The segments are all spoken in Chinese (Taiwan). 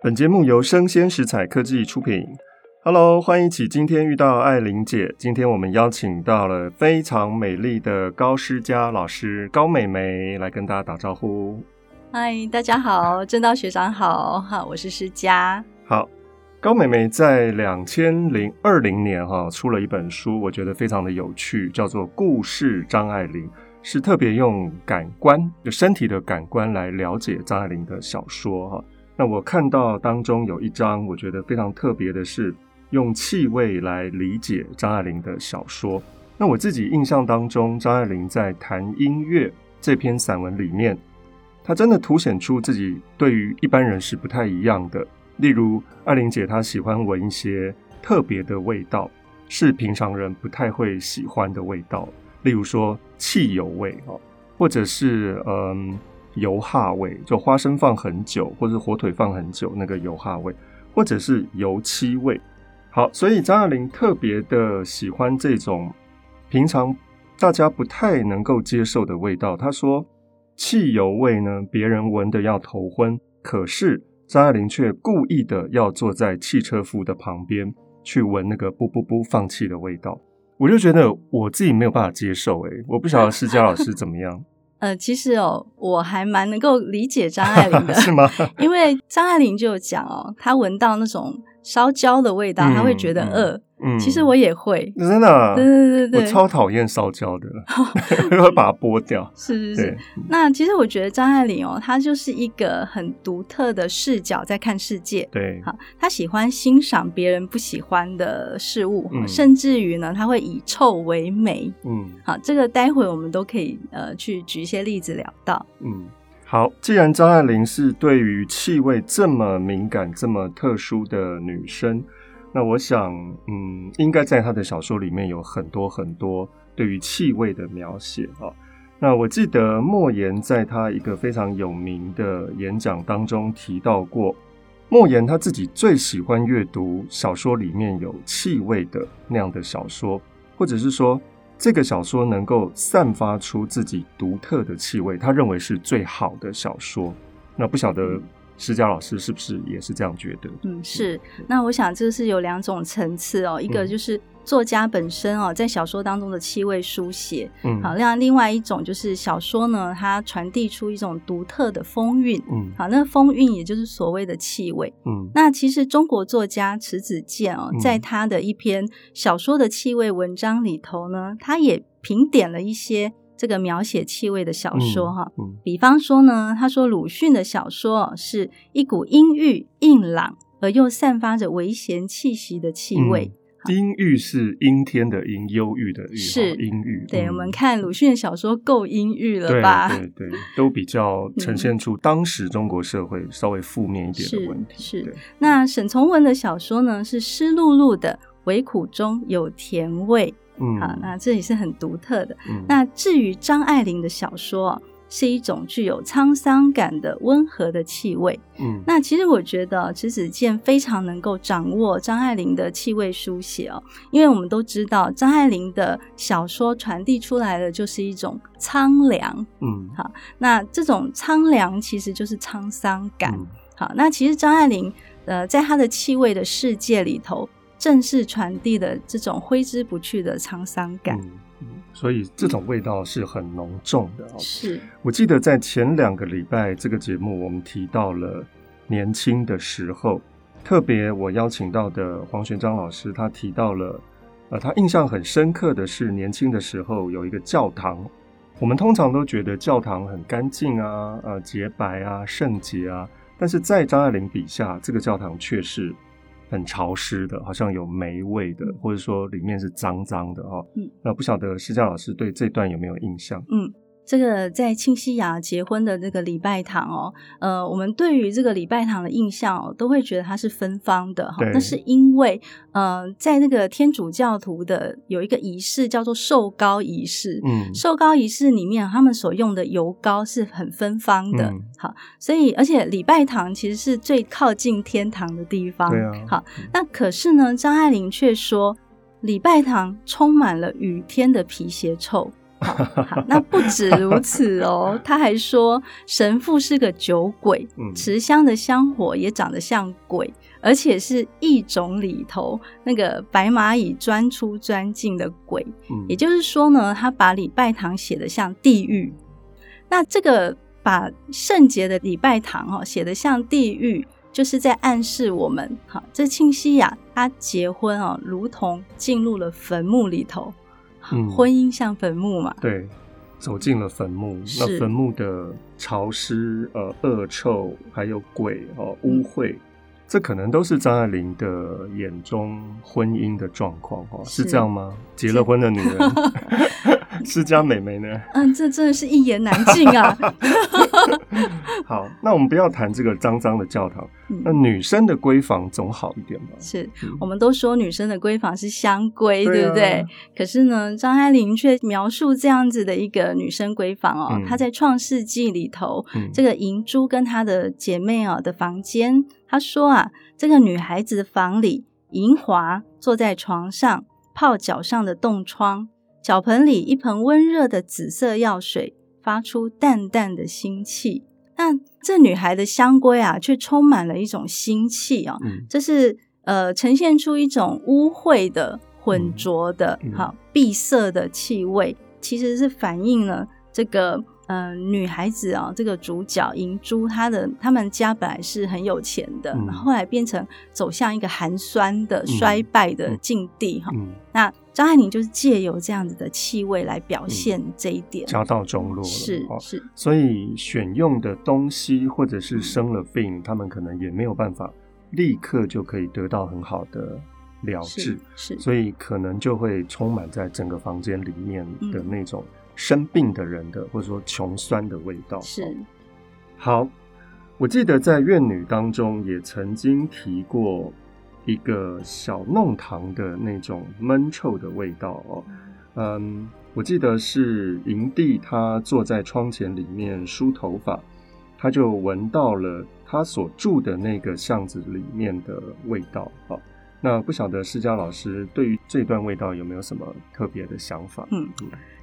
本節目由聲鮮時采科技出品。Hello，歡迎一起今天遇到愛玲姐。今天我們邀請到了非常美麗的高詩佳老師高美眉，來跟大家打招呼。嗨，大家好，正道學長好哈，我是詩佳。好，高美眉在兩千零二零年哈出了一本書，我覺得非常的有趣，叫做《故事張愛玲》，是特別用感官就身體的感官來了解張愛玲的小說哈。那我看到當中有一章，我覺得非常特別的是用氣味來理解張愛玲的小說。那我自己印象當中，張愛玲在談音樂這篇散文裡面，她真的凸顯出自己對於一般人是不太一樣的。例如，愛玲姐她喜歡聞一些特別的味道，是平常人不太會喜歡的味道，例如說汽油味，或者是，嗯。油哈味，就花生放很久，或者火腿放很久，那個油哈味，或者是油漆味。好，所以張愛玲特別的喜歡這種平常大家不太能夠接受的味道。他說，汽油味呢，別人聞得要頭昏，可是張愛玲卻故意的要坐在汽車夫的旁邊去聞那個不不不放氣的味道。我就覺得我自己沒有辦法接受、欸，誒，我不曉得詩佳老師怎麼樣？ 呃，其實哦，我還蠻能夠理解張愛玲的， 是嗎？因為張愛玲就有講哦，她聞到那種燒焦的味道，她、嗯、會覺得餓。嗯，其實我也會，真的、啊，對對對，我超討厭燒焦的， 我會把它剝掉。是是是，對那其實我覺得張愛玲哦、喔，她就是一個很獨特的視角在看世界。對，好，她喜歡欣賞別人不喜歡的事物，嗯、甚至於呢，她會以臭為美。嗯，好，這個待會我們都可以呃去舉一些例子聊到。嗯，好，既然張愛玲是對於氣味這麼敏感、這麼特殊的女生，那我想，嗯，應該在他的小說裡面有很多很多對於氣味的描寫啊。那我記得莫言在他一個非常有名的演講當中提到過，莫言他自己最喜歡閱讀小說裡面有氣味的那樣的小說，或者是說這個小說能夠散發出自己獨特的氣味，他認為是最好的小說。那不曉得。詩佳老師是不是也是這樣覺得？嗯，是。那我想，這是有兩種層次哦。一個就是作家本身哦，在小說當中的氣味書寫，嗯，好。另外，另外一種就是小說呢，它傳遞出一種獨特的風韻，嗯，好。那風韻也就是所謂的氣味，嗯。那其實中國作家遲子建哦，在他的一篇小說的氣味文章裡頭呢，他也評點了一些。這個描寫氣味的小說，哈、嗯，嗯、比方說呢，他說魯迅的小說是一股陰鬱、硬朗而又散發着危險氣息的氣味。陰鬱、嗯、是陰天的陰，憂鬱的鬱，是陰鬱。嗯、對，我們看魯迅的小說夠陰鬱了吧？對對對，對，都比較呈現出當時中國社會稍微負面一點的問題。嗯、是。是對那沈從文的小說呢，是濕漉漉的，微苦中有甜味。嗯，好，那這也是很獨特的。嗯、那至於張愛玲的小說、啊，是一種具有滄桑感的溫和的氣味。嗯，那其實我覺得池子健非常能夠掌握張愛玲的氣味書寫哦、喔，因為我們都知道張愛玲的小說傳遞出來的就是一種蒼涼。嗯，好，那這種蒼涼其實就是滄桑感。嗯、好，那其實張愛玲呃，在她的氣味的世界裡頭。正式傳遞的這種揮之不去的滄桑感，嗯，所以這種味道是很濃重的。是我記得在前兩個禮拜這個節目，我們提到了年輕的時候，特別我邀請到的黃玄章老師，他提到了，呃，他印象很深刻的是年輕的時候有一個教堂。我們通常都覺得教堂很乾淨啊，呃，潔白啊，聖潔啊，但是在張愛玲筆下，這個教堂卻是。很潮濕的，好像有霉味的，或者說裡面是髒髒的哈、喔。嗯，那不曉得詩佳老師對這段有沒有印象？嗯。這個在清西雅結婚的這個禮拜堂哦，呃，我們對於這個禮拜堂的印象，哦，都會覺得它是芬芳的哈。那對是因為，呃，在那個天主教徒的有一個儀式叫做受膏儀式，嗯，受膏儀式裡面他們所用的油膏是很芬芳的，嗯，好，所以而且禮拜堂其實是最靠近天堂的地方，對啊，好，那可是呢，張愛玲卻說禮拜堂充滿了雨天的皮鞋臭。 好，好，那不止如此哦， 他還說神父是個酒鬼，嗯、持香的香火也長得像鬼，而且是一種裡頭那個白螞蟻鑽出鑽進的鬼。嗯、也就是說呢，他把禮拜堂寫得像地獄。那這個把聖潔的禮拜堂哦，寫得像地獄，就是在暗示我們，哈，這慶西亞他結婚啊，如同進入了墳墓裡頭。婚姻像墳墓嘛、嗯，對，走進了墳墓，是那墳墓的潮濕、呃惡臭，還有鬼啊、呃、污穢。這可能都是張愛玲的眼中婚姻的狀況，哈，是這樣嗎？結了婚的女人是家美眉呢？嗯，這真的是一言難盡啊。好，那我們不要談這個髒髒的教堂，那女生的閨房總好一點吧？是，我們都說女生的閨房是香閨，對不對？可是呢，張愛玲卻描述這樣子的一個女生閨房哦，她在《創世紀》裡頭，這個瀠珠跟她的姐妹啊的房間。他說啊，這個女孩子的房裡，銀華坐在床上泡腳上的凍瘡，腳盆裡一盆溫熱的紫色藥水，發出淡淡的腥氣。那這女孩的香閨啊，卻充滿了一種腥氣哦、喔，嗯、這是呃，呈現出一種汙穢的、渾濁的、好閉、嗯嗯喔、塞的氣味，其實是反映了這個。嗯、呃，女孩子啊、哦，這個主角銀珠，她的他們家本來是很有錢的，嗯、後來變成走向一個寒酸的衰敗的境地哈。那張愛玲就是借由這樣子的氣味來表現這一點，嗯、家道中落了是是、哦。所以選用的東西，或者是生了病，嗯、他們可能也沒有辦法立刻就可以得到很好的療治，是所以可能就會充滿在整個房間裡面的那種、嗯。嗯生病的人的，或者說窮酸的味道，是好。我記得在怨女當中也曾經提過一個小弄堂的那種悶臭的味道哦。嗯，我記得是銀娣，他坐在窗前裡面梳頭髮，他就聞到了他所住的那個巷子裡面的味道啊、哦。那不曉得詩佳老師對於這段味道有沒有什麼特別的想法？嗯。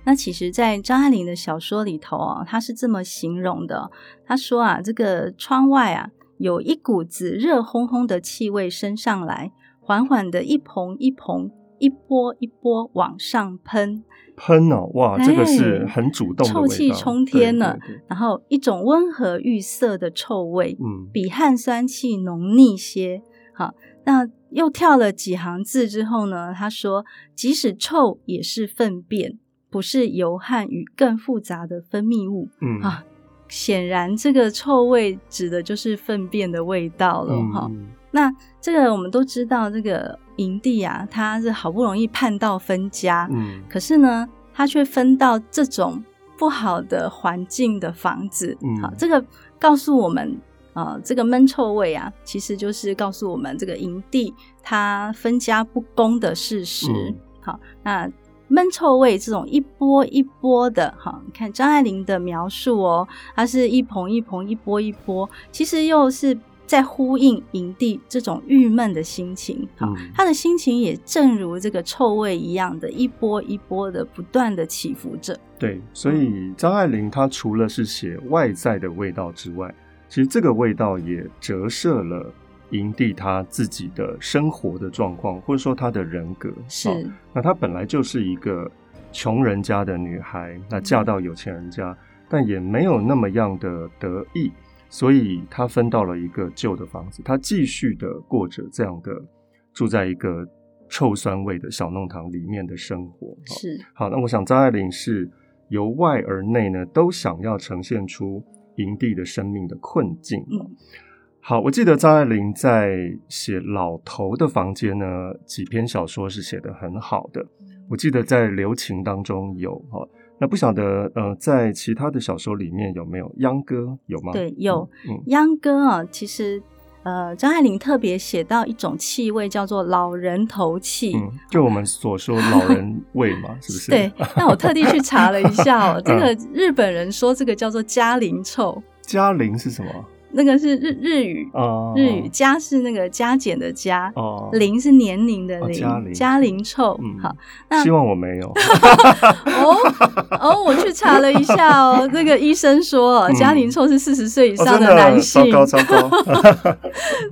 那其實，在張愛玲的小說裡頭啊，她是這麼形容的。她說啊，這個窗外啊，有一股子熱烘烘的氣味升上來，緩緩的一蓬一蓬，一波一波往上噴噴哦、啊，哇，哎、這個是很主動的，臭氣沖天了。對對對，然後一種溫和玉色的臭味，嗯，比汗酸氣濃膩些。好，那又跳了幾行字之後呢，她說，即使臭，也是糞便。不是油汗與更複雜的分泌物，嗯、啊，顯然這個臭味指的就是糞便的味道了哈、嗯哦。那這個我們都知道，這個營地啊，他是好不容易盼到分家，嗯，可是呢，他卻分到這種不好的環境的房子，好、嗯哦，這個告訴我們啊、呃，這個悶臭味啊，其實就是告訴我們這個營地它分家不公的事實。好、嗯哦，那。悶臭味這種一波一波的，哈，看張愛玲的描述哦，它是一蓬一蓬，一波一波，其實又是在呼應營地這種鬱悶的心情，哈、嗯，他的心情也正如這個臭味一樣的，一波一波的不斷的起伏着。對，所以張愛玲她除了是寫外在的味道之外，其實這個味道也折射了。營地他自己的生活的狀況，或者說他的人格是、啊。那他本來就是一個窮人家的女孩，那嫁到有錢人家，嗯、但也沒有那麼樣的得意，所以他分到了一個舊的房子，他繼續的過着這樣的住在一個臭酸味的小弄堂裡面的生活。啊、是好，那我想張愛玲是由外而內呢，都想要呈現出營地的生命的困境。嗯好，我記得張愛玲在寫《老頭的房間》呢，幾篇小說是寫得很好的。我記得在《留情》當中有哈，那不曉得呃，在其他的小說裡面有沒有《秧歌》有嗎？對，有嗯、《秧歌》啊。其實呃，張愛玲特別寫到一種氣味，叫做老人頭氣、嗯，就我們所說老人味嘛， 是不是？對。那我特地去查了一下哦、喔， 嗯、這個日本人說這個叫做“加齡臭”，加齡是什麼？那個是日日語，日語加是那個加減的加，齡，是年齡的齡，加齡臭。好，那希望我沒有。哦哦，我去查了一下哦，那個醫生說，加齡臭是四十歲以上的男性，超高，超高。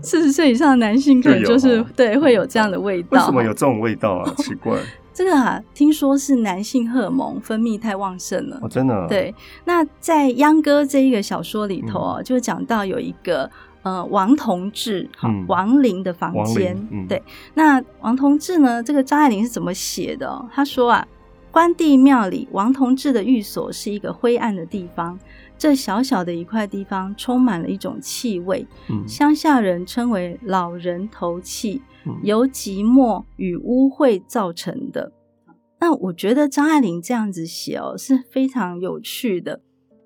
四十歲以上的男性可能就是對會有這樣的味道。為什麼有這種味道啊？奇怪。這個啊，聽說是男性荷爾蒙分泌太旺盛了，哦、真的。對，那在《秧歌》這一個小說裡頭啊、喔，嗯、就講到有一個呃王同志，嗯、王林的房間。嗯、對，那王同志呢？這個張愛玲是怎麼寫的、喔？他說啊，關帝廟裡王同志的寓所是一個灰暗的地方。這小小的一塊地方，充滿了一種氣味，嗯、鄉下人稱為“老人頭氣”，嗯、由寂寞與污穢造成的。那我覺得張愛玲這樣子寫哦，是非常有趣的，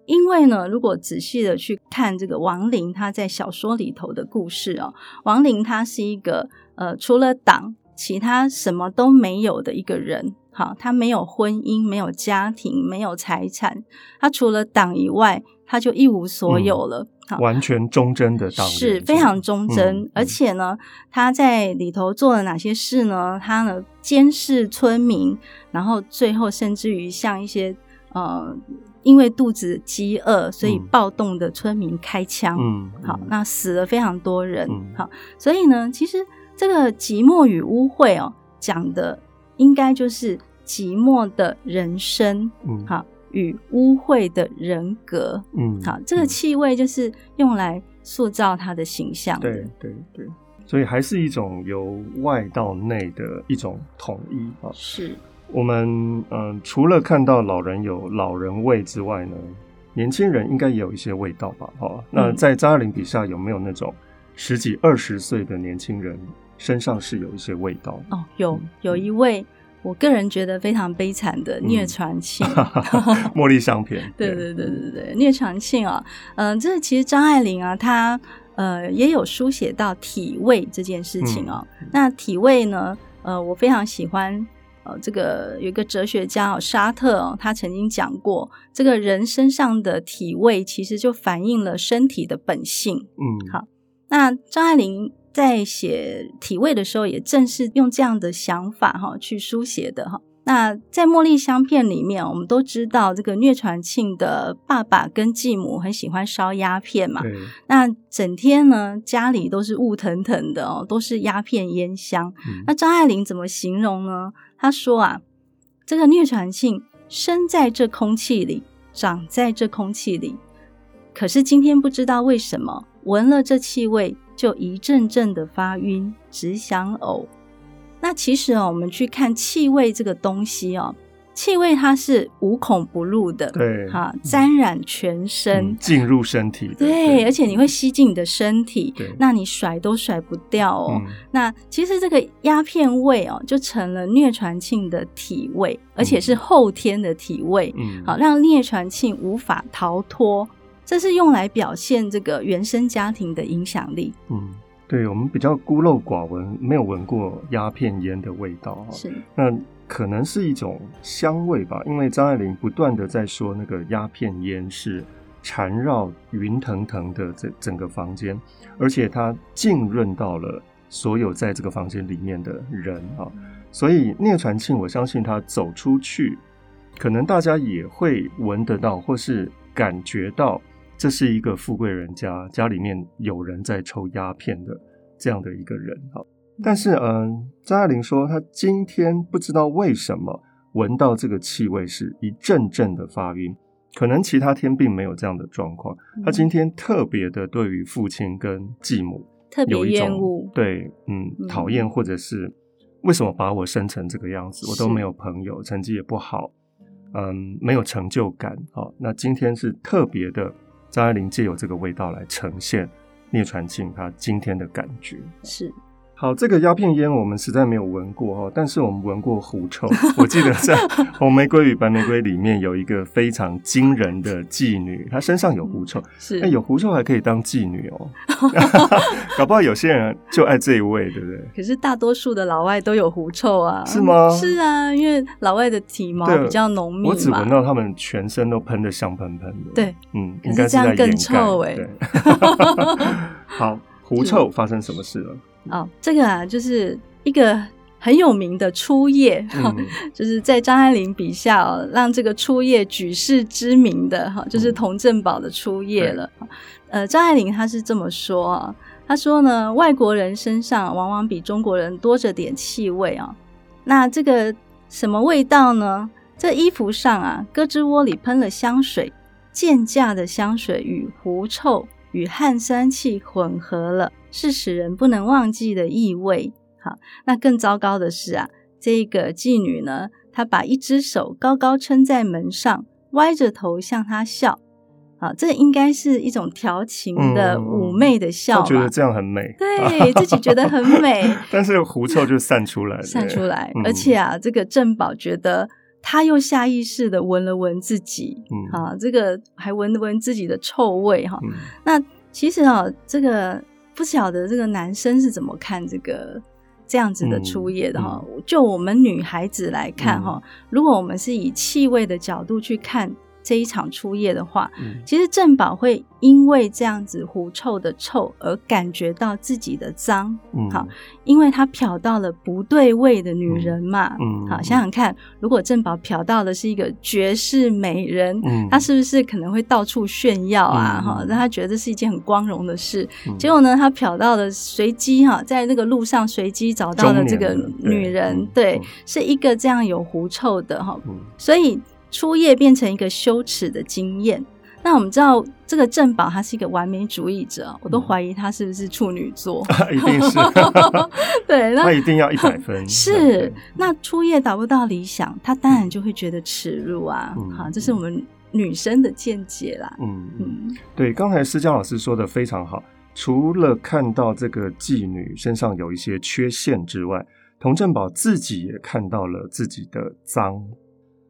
因為呢，如果仔細的去看這個王林他在小說裡頭的故事哦，王林他是一個呃，除了黨，其他什麼都沒有的一個人。好，他沒有婚姻，沒有家庭，沒有財產，他除了黨以外，他就一無所有了。嗯、好完全忠貞的黨，是非常忠貞。嗯、而且呢，他在裡頭做了哪些事呢？他呢，監視村民，然後最後甚至於向一些呃因為肚子飢餓所以暴動的村民開槍。嗯，好，嗯、那死了非常多人。嗯，好，所以呢，其實這個寂寞與污穢哦，講的應該就是。寂寞的人生，哈、嗯，與污穢的人格，嗯，好，這個氣味就是用來塑造他的形象的對。對對對，所以還是一種由外到內的一種統一。啊，是我們嗯、呃，除了看到老人有老人味之外呢，年輕人應該也有一些味道吧？哈、啊，那在張愛玲筆下有沒有那種十幾二十歲的年輕人身上是有一些味道？哦，有，有一位。我個人覺得非常悲慘的聶傳慶，嗯、 茉莉香片。 對對對對聶傳慶啊，嗯、哦，呃，這其實張愛玲啊，她呃也有書寫到體味這件事情哦。嗯、那體味呢，呃，我非常喜歡呃這個有一個哲學家哦，沙特哦，他曾經講過，這個人身上的體味其實就反映了身體的本性。嗯，好，那張愛玲。在寫體味的時候，也正是用這樣的想法去書寫的。那在《茉莉香片》裡面，我們都知道這個聶傳慶的爸爸跟繼母很喜歡燒鴉片嘛。對那整天呢，家裡都是霧騰騰的，都是鴉片煙香。嗯、那張愛玲怎麼形容呢？她說啊，這個聶傳慶生在這空氣裡，長在這空氣裡，可是今天不知道為什麼，聞了這氣味。就一陣陣的發暈，只想嘔。那其實啊，我們去看氣味這個東西哦，氣味它是無孔不入的，對哈，沾染全身，嗯、進入身體，對,對，而且你會吸進你的身體，對那你甩都甩不掉哦。嗯、那其實這個鴉片味哦，就成了聶傳慶的體味，嗯、而且是後天的體味，好、嗯、讓聶傳慶無法逃脫。這是用來表現這個原生家庭的影響力。嗯，對，我們比較孤陋寡聞，沒有聞過鴉片煙的味道哦。是，那可能是一種香味吧，因為張愛玲不斷地在說那個鴉片煙是纏繞雲騰騰的這整個房間，而且它浸潤到了所有在這個房間裡面的人啊哦。所以聶傳慶，我相信他走出去，可能大家也會聞得到，或是感覺到。這是一個富貴人家，家裡面有人在抽鴉片的這樣的一個人、嗯、但是，嗯、呃，張愛玲說，她今天不知道為什麼聞到這個氣味是一陣陣的發暈，可能其他天並沒有這樣的狀況。她、嗯、今天特別的對於父親跟繼母，有一種，特別厭惡，對，嗯，討厭，或者是為什麼把我生成這個樣子？嗯、我都沒有朋友，成績也不好，是嗯，沒有成就感。好、哦，那今天是特別的。張愛玲借由這個味道來呈現聶傳慶他今天的感覺，是。好，這個鴉片煙我們實在沒有聞過、哦、但是我們聞過狐臭。 我記得在《紅玫瑰與白玫瑰》裡面有一個非常驚人的妓女，她身上有狐臭，嗯。是，欸，有狐臭還可以當妓女哦， 搞不好有些人就愛這一味，對不對？可是大多數的老外都有狐臭啊，是嗎，嗯？是啊，因為老外的體毛比較濃密。我只聞到他們全身都噴得香噴噴的。對，嗯，應該是在，可是這樣更臭，欸、對 好，狐臭發生什麼事了？哦，這個啊，就是一個很有名的初夜，嗯、就是在張愛玲筆下、哦、讓這個初夜舉世知名的哈，就是佟振保的初夜了。嗯、呃，張愛玲他是這麼說、哦，他說呢，外國人身上往往比中國人多着點氣味哦，那這個什麼味道呢？這衣服上啊，胳肢窩裡噴了香水，賤價的香水與狐臭。與汗酸氣混合了，是使人不能忘記的異味。好，那更糟糕的是啊，這個妓女呢，她把一只手高高撐在門上，歪着頭向他笑。這應該是一種調情的、嗯、嫵媚的笑吧？我覺得這樣很美，對自己覺得很美。 但是狐臭就散出來了，散出來。嗯、而且啊，這個振保覺得。他又下意識的聞了聞自己，嗯、啊，這個還聞了聞自己的臭味哈。嗯、那其實啊，這個不曉得這個男生是怎麼看這個這樣子的初夜的哈。嗯嗯、就我們女孩子來看哈，嗯、如果我們是以氣味的角度去看，這一場初夜的話，嗯、其實振保會因為這樣子狐臭的臭而感覺到自己的髒，嗯、好，因為他瞟到了不對味的女人嘛，嗯嗯、好，想想看，嗯、如果振保瞟到的是一個絕世美人，嗯、他是不是可能會到處炫耀啊？哈、嗯，讓他覺得是一件很光榮的事。嗯、結果呢，他瞟到的隨機哈，在那個路上隨機找到的這個女人，對，嗯、對，是一個這樣有狐臭的哈，嗯、所以。初夜變成一個羞恥的經驗，那我們知道這個振保他是一個完美主義者，我都懷疑他是不是處女座，一定是，對，他一定要一百分。是，那初夜達不到理想，他當然就會覺得恥辱啊。好，這是我們女生的見解啦。嗯嗯，對，剛才詩佳老師說的非常好，除了看到這個妓女身上有一些缺陷之外，佟振保自己也看到了自己的髒。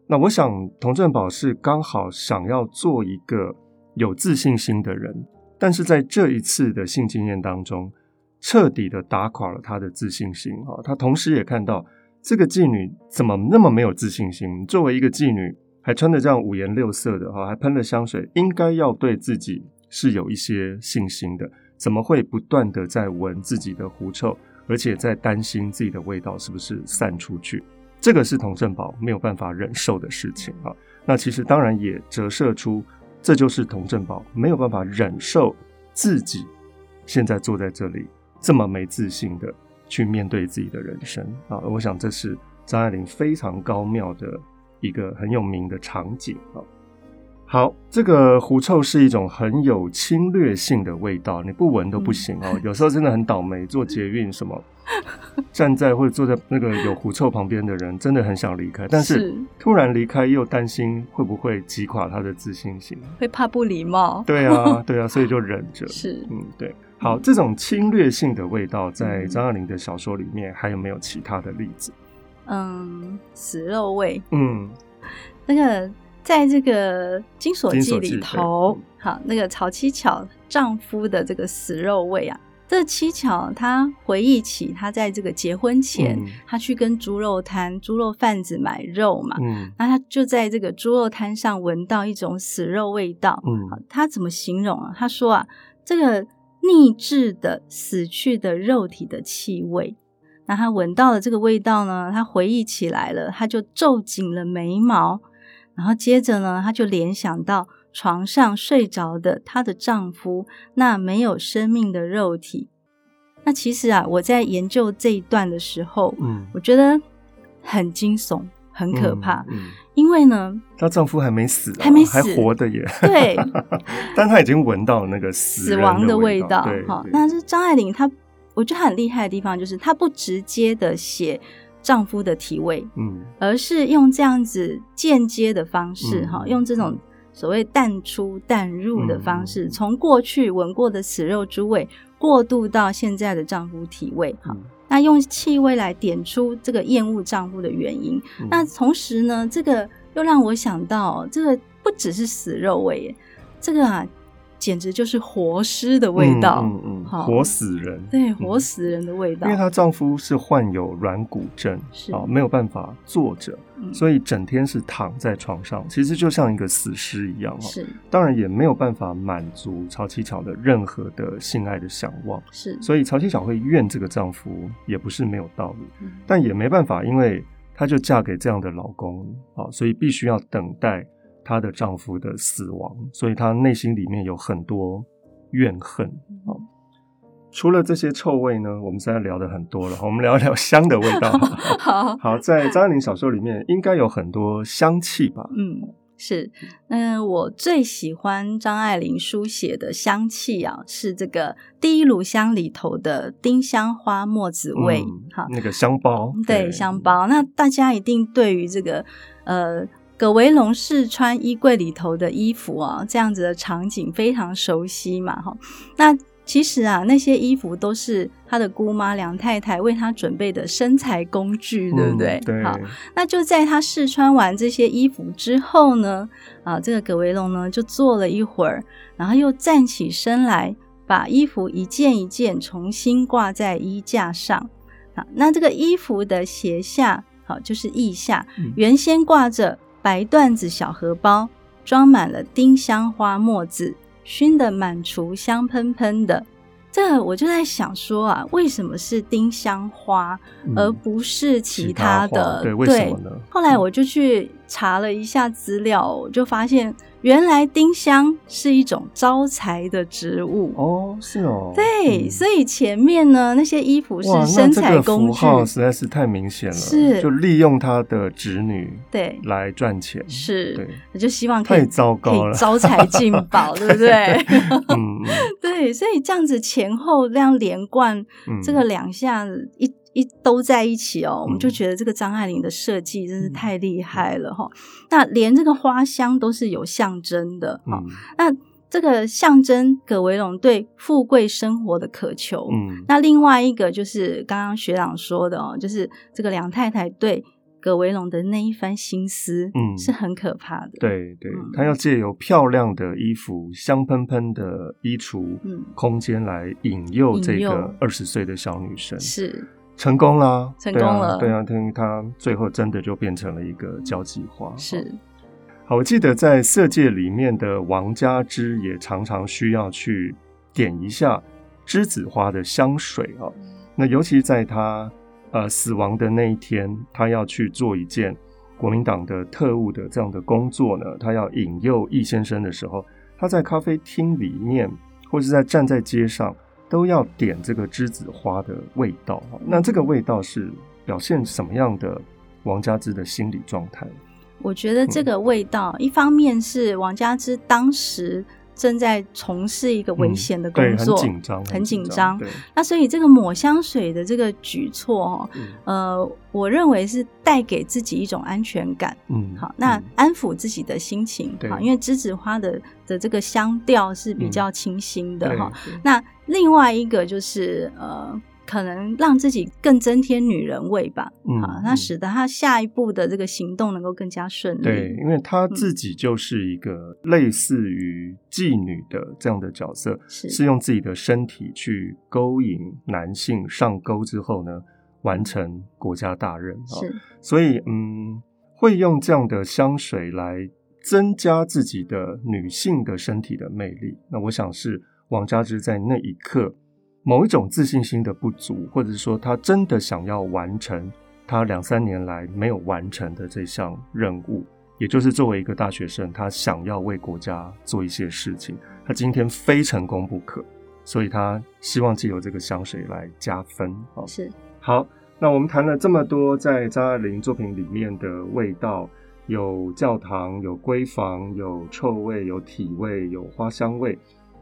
那我想，佟振保是剛好想要做一個有自信心的人，但是在這一次的性經驗當中，徹底的打垮了他的自信心啊！他同時也看到這個妓女，怎麼那麼沒有自信心？作為一個妓女，還穿得這樣五顏六色的哈，還噴了香水，應該要對自己是有一些信心的，怎麼會不斷的在聞自己的狐臭，而且在擔心自己的味道是不是散出去？這個是佟振保沒有辦法忍受的事情啊。那其實當然也折射出，這就是佟振保沒有辦法忍受自己現在坐在這裡這麼沒自信的去面對自己的人生啊。我想這是張愛玲非常高妙的一個很有名的場景啊。好，這個狐臭是一種很有侵略性的味道，你不聞都不行啊、哦。嗯、有時候真的很倒霉，坐、嗯、捷運什麼。 站在或者坐在那個有狐臭旁邊的人，真的很想離開，但是突然離開又擔心會不會擊垮他的自信心，會怕不禮貌，嗯。對啊，對啊，所以就忍着。 是，嗯，對。好，這種侵略性的味道在張愛玲的小說裡面還有沒有其他的例子？嗯，死肉味。嗯，那個在這個《金鎖記》裡頭，好，那個曹七巧丈夫的這個死肉味啊。這七巧，他回憶起他在這個結婚前，嗯、他去跟豬肉攤、豬肉販子買肉嘛，嗯、那他就在這個豬肉攤上聞到一種死肉味道。嗯，他怎麼形容啊？他說啊，這個膩滯的死去的肉體的氣味。那他聞到了這個味道呢，他回憶起來了，他就皺緊了眉毛，然後接着呢，他就聯想到。床上睡着的她的丈夫，那沒有生命的肉體。那其實啊，我在研究這一段的時候，嗯、我覺得很驚悚、很可怕，嗯嗯、因為呢，她丈夫還沒死、啊，還沒死，還活的耶。對， 但她已經聞到那個死，死亡的味道。對，哈，那是張愛玲她，她我覺得她很厲害的地方就是她不直接的寫丈夫的體味，嗯、而是用這樣子間接的方式，哈、嗯，用這種。所謂淡出淡入的方式，從、嗯、過去聞過的死肉之味，過渡到現在的丈夫體味，好、嗯，那用氣味來點出這個厭惡丈夫的原因。嗯、那同時呢，這個又讓我想到，這個不只是死肉味耶，這個啊。簡直就是活屍的味道，活死人對活死人的味道，嗯。因為她丈夫是患有軟骨症，啊是、哦，沒有辦法坐着，所以整天是躺在床上，嗯，其實就像一個死屍一樣是、哦，當然也沒有辦法滿足曹七巧的任何的性愛的想望，是。所以曹七巧會怨這個丈夫也不是沒有道理，嗯，但也沒辦法，因為她就嫁給這樣的老公啊、哦，所以必須要等待。她的丈夫的死亡，所以她內心裡面有很多怨恨。除了這些臭味呢，我們現在聊的很多了，我們聊一聊香的味道。好，在張愛玲小說裡面應該有很多香氣吧？嗯，是。嗯、呃，我最喜歡張愛玲書寫的香氣啊，是這個《第一爐香》裡頭的丁香花墨子味、嗯。那個香包。對，對香包。那大家一定對於這個呃。葛薇龍試穿衣櫃裡頭的衣服啊，這樣子的場景非常熟悉嘛，哈。那其實啊，那些衣服都是他的姑媽梁太太為他準備的身材工具，對不對？嗯，對。好，那就在他試穿完這些衣服之後呢，啊，這個葛薇龍呢，就坐了一會兒，然後又站起身來，把衣服一件一件重新掛在衣架上。啊，那這個衣服的斜下，好、啊，就是腋下，原先掛着。白緞子小荷包裝滿了丁香花末子，燻得滿廚香噴噴的。這個、我就在想說啊，為什麼是丁香花，嗯、而不是其他的？他對，對為什麼呢？後來我就去查了一下資料，嗯、就發現。原來丁香是一種招財的植物哦，是哦，對，所以前面呢那些衣服是生財工具，實在是太明顯了，是，就利用他的侄女對來賺錢，是對，就希望太糟糕了，可以招財進寶，對不對？對，所以這樣子前後這樣連貫，這個兩下一。一都在一起哦，我們就覺得這個張愛玲的設計真是太厲害了吼、哦，嗯、那連這個花香都是有象徵的、嗯哦，那這個象徵葛維龍對富貴生活的渴求。嗯，那另外一個就是剛剛學長說的哦，就是這個梁太太對葛維龍的那一番心思，嗯，是很可怕的。對，對他要借由漂亮的衣服、香噴噴的衣櫥空間來引誘這個二十歲的小女生，嗯、是。成功啦，成功了，成功了，對啊，等於他最後真的就變成了一個交際花。嗯、是，好，我記得在《色戒》裡面的王佳芝也常常需要去點一下栀子花的香水啊、哦。嗯、那尤其在她呃死亡的那一天，她要去做一件國民黨的特務的這樣的工作呢，她要引誘易先生的時候，她在咖啡廳裡面，或是在站在街上。都要點這個梔子花的味道，那這個味道是表現什麼樣的王佳芝的心理狀態？我覺得這個味道，嗯、一方面是王佳芝當時正在從事一個危險的工作，很緊張，很緊張。對那所以這個抹香水的這個舉措，嗯、呃，我認為是帶給自己一種安全感。嗯，好，那安撫自己的心情。對、嗯、因為梔子花的的這個香調是比較清新的哈，那。另外一個就是呃，可能讓自己更增添女人味吧，嗯、啊，那使得她下一步的這個行動能夠更加順利。對，因為她自己就是一個類似於妓女的這樣的角色，嗯、是，是用自己的身體去勾引男性，上鈎之後呢，完成國家大任啊。是，所以嗯，會用這樣的香水來增加自己的女性的身體的魅力。那我想是。王佳芝在那一刻，某一種自信心的不足，或者是說他真的想要完成他兩三年來沒有完成的這項任務，也就是作為一個大學生，他想要為國家做一些事情，他今天非成功不可，所以他希望借由這個香水來加分啊。是，好，那我們談了這麼多，在張愛玲作品裡面的味道，有教堂，有閨房，有臭味，有體味，有花香味。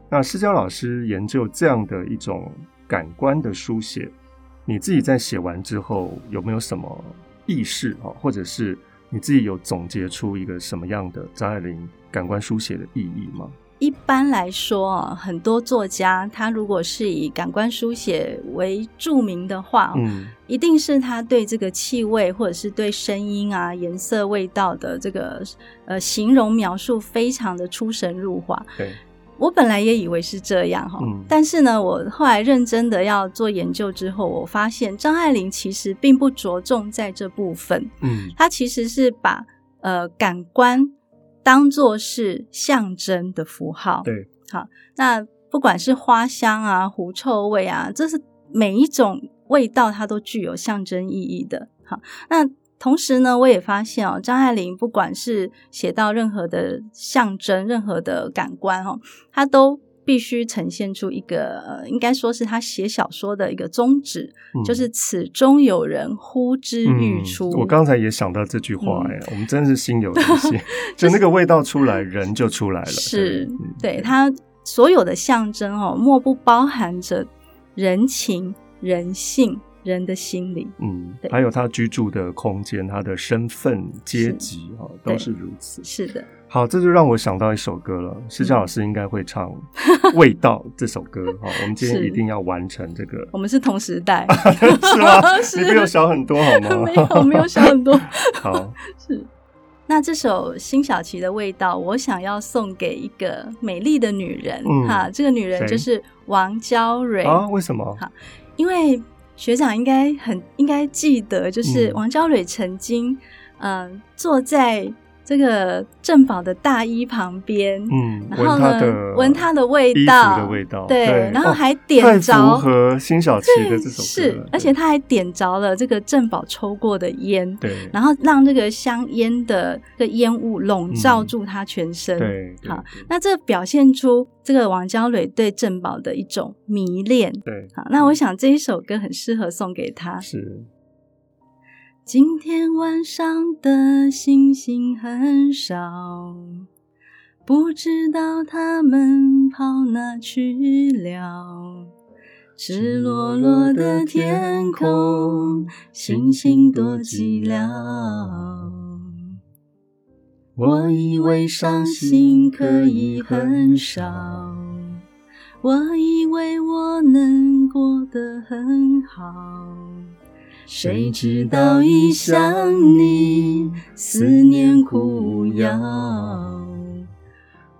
那詩佳老師研究這樣的一種感官的書寫，你自己在寫完之後有沒有什麼意識啊？或者是你自己有總結出一個什麼樣的張愛玲感官書寫的意義嗎？一般來說啊，很多作家他如果是以感官書寫為著名的話，嗯，一定是他對這個氣味或者是對聲音啊、顏色、味道的這個呃形容描述非常的出神入化，對。Okay. 我本來也以為是這樣、嗯、但是呢，我後來認真的要做研究之後，我發現張愛玲其實並不着重在這部分，嗯，她其實是把呃感官當做是象徵的符號，對，那不管是花香啊、狐臭味啊，這是每一種味道它都具有象徵意義的，那。同時呢，我也發現哦、喔，張愛玲不管是寫到任何的象徵，任何的感官、喔，哦，她都必須呈現出一個，呃、應該說是她寫小說的一個宗旨，嗯、就是此中有人呼之欲出。嗯、我剛才也想到這句話哎、欸，嗯、我們真的是心有靈犀， 就是、就那個味道出來，對人就出來了。是，對，他對對所有的象徵哦、喔，莫不包含着人情人性。人的心理，嗯，還有他居住的空間，他的身份階級啊，都是如此。是的，好，這就讓我想到一首歌了，詩佳老師應該會唱《味道》這首歌哈。我們今天一定要完成這個，我們是同時代，是嗎？你沒有少很多好嗎？沒有，沒有少很多。好，是。那這首辛曉琪的《味道》，我想要送給一個美麗的女人哈。這個女人就是王嬌蕊啊？為什麼？因為。學長應該很應該記得，就是王嬌蕊曾經，嗯、呃，坐在這個振保的大衣旁邊，嗯，然後呢，聞他的味道，衣服的味道，對，然後還點着和辛曉琪的這首歌，是，而且他還點着了這個振保抽過的煙，對，然後讓這個香煙的的煙霧籠罩住他全身，對，好，那這表現出這個王嬌蕊對振保的一種迷戀，對，好，那我想這一首歌很適合送給他，是。今天晚上的星星很少，不知道他們跑哪去了。赤裸裸的天空，星星多寂寥。我以為傷心可以很少，我以為我能過得很好。誰知道一想你，思念苦無藥，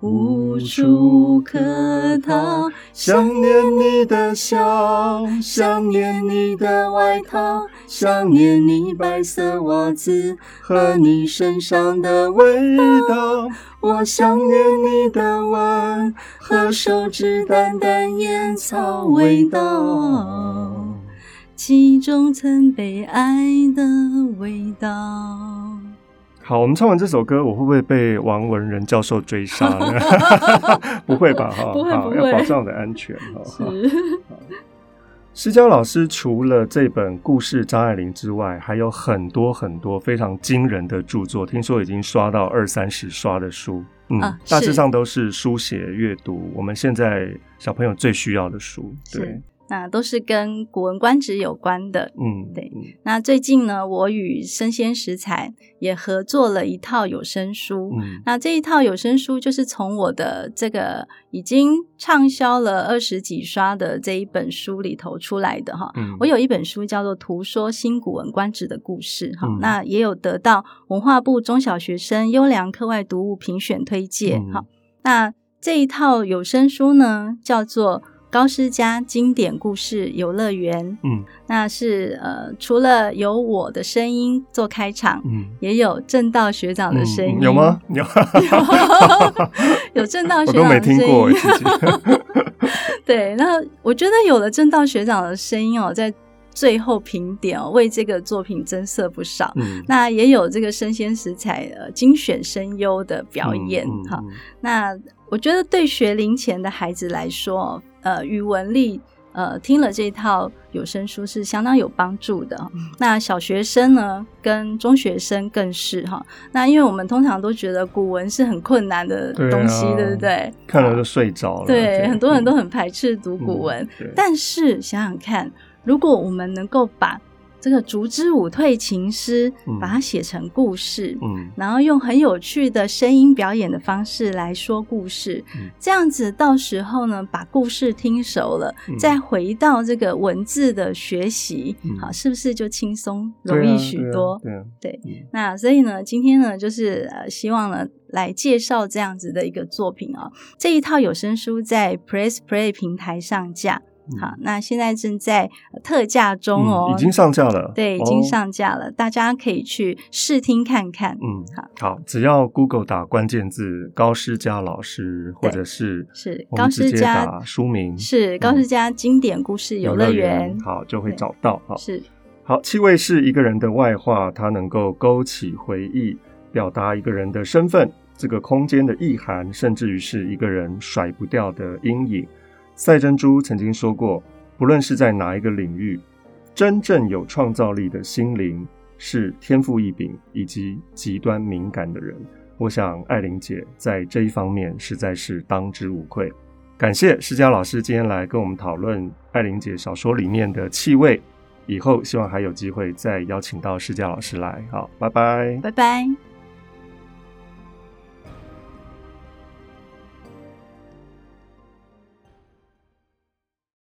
無處可逃。想念你的笑，想念你的外套，想念你白色襪子和你身上的味道。Uh, 我想念你的吻和手指淡淡煙草味道。其中曾被愛的味道。好，我們唱完這首歌，我會不會被王文仁教授追殺呢？ 不會吧？哈，不會，不會，要保障我的安全。 是。詩佳老師除了這本故事《張愛玲》之外，還有很多很多非常驚人的著作。聽說已經刷到二三十刷的書，嗯，啊、大致上都是書寫閱讀。我們現在小朋友最需要的書，對。那都是跟《古文觀止》有關的，嗯，對。那最近呢，我與聲鮮時采也合作了一套有聲書。嗯，那這一套有聲書就是從我的這個已經暢銷了二十幾刷的這一本書裡頭出來的哈。嗯，我有一本書叫做《圖說新古文觀止的故事》哈。嗯。那也有得到文化部中小學生優良課外讀物評選推薦。嗯，那這一套有聲書呢，叫做。高詩佳經典故事遊樂園，嗯，那是呃，除了有我的聲音做開場，嗯、也有正道學長的聲音、嗯，有嗎？有， 有正道學長的聲音，我都沒聽過。 對，那我覺得有了正道學長的聲音哦，在最後評點哦，為這個作品增色不少。嗯、那也有這個聲鮮時采精選聲優的表演哈。嗯嗯嗯、那我覺得對學齡前的孩子來說。呃，語文力，呃，聽了這一套有聲書是相當有幫助的。嗯、那小學生呢，跟中學生更是哈。那因為我們通常都覺得古文是很困難的東西，對啊、對不對？看了就睡着了。啊、對，對很多人都很排斥讀古文。嗯嗯、但是想想看，如果我們能夠把。這個《竹之舞》《退情詩》，把它寫成故事，嗯、然後用很有趣的聲音表演的方式來說故事，嗯、這樣子到時候呢，把故事聽熟了，嗯、再回到這個文字的學習，嗯、好，是不是就輕鬆容易許多？對、啊對、啊對、啊、對，嗯、那所以呢，今天呢，就是希望呢，來介紹這樣子的一個作品啊、哦，這一套有聲書在 Press Play 平台上架。好，那現在正在特價中哦，已經上架了。對，已經上架了，大家可以去試聽看看。嗯，好，好，只要 Google 打關鍵字“高詩佳老師”或者是是，我們直接打書名是“高詩佳經典故事遊樂園”，好，就會找到。好，是。好，氣味是一個人的外化，它能夠勾起回憶，表達一個人的身份，這個空間的意涵，甚至於是一個人甩不掉的陰影。賽珍珠曾經說過：“不論是在哪一個領域，真正有創造力的心靈是天賦異禀以及極端敏感的人。”我想愛玲姐在這一方面實在是當之無愧。感謝詩佳老師今天來跟我們討論愛玲姐小說裡面的氣味。以後希望還有機會再邀請到詩佳老師來。好，拜拜，拜拜。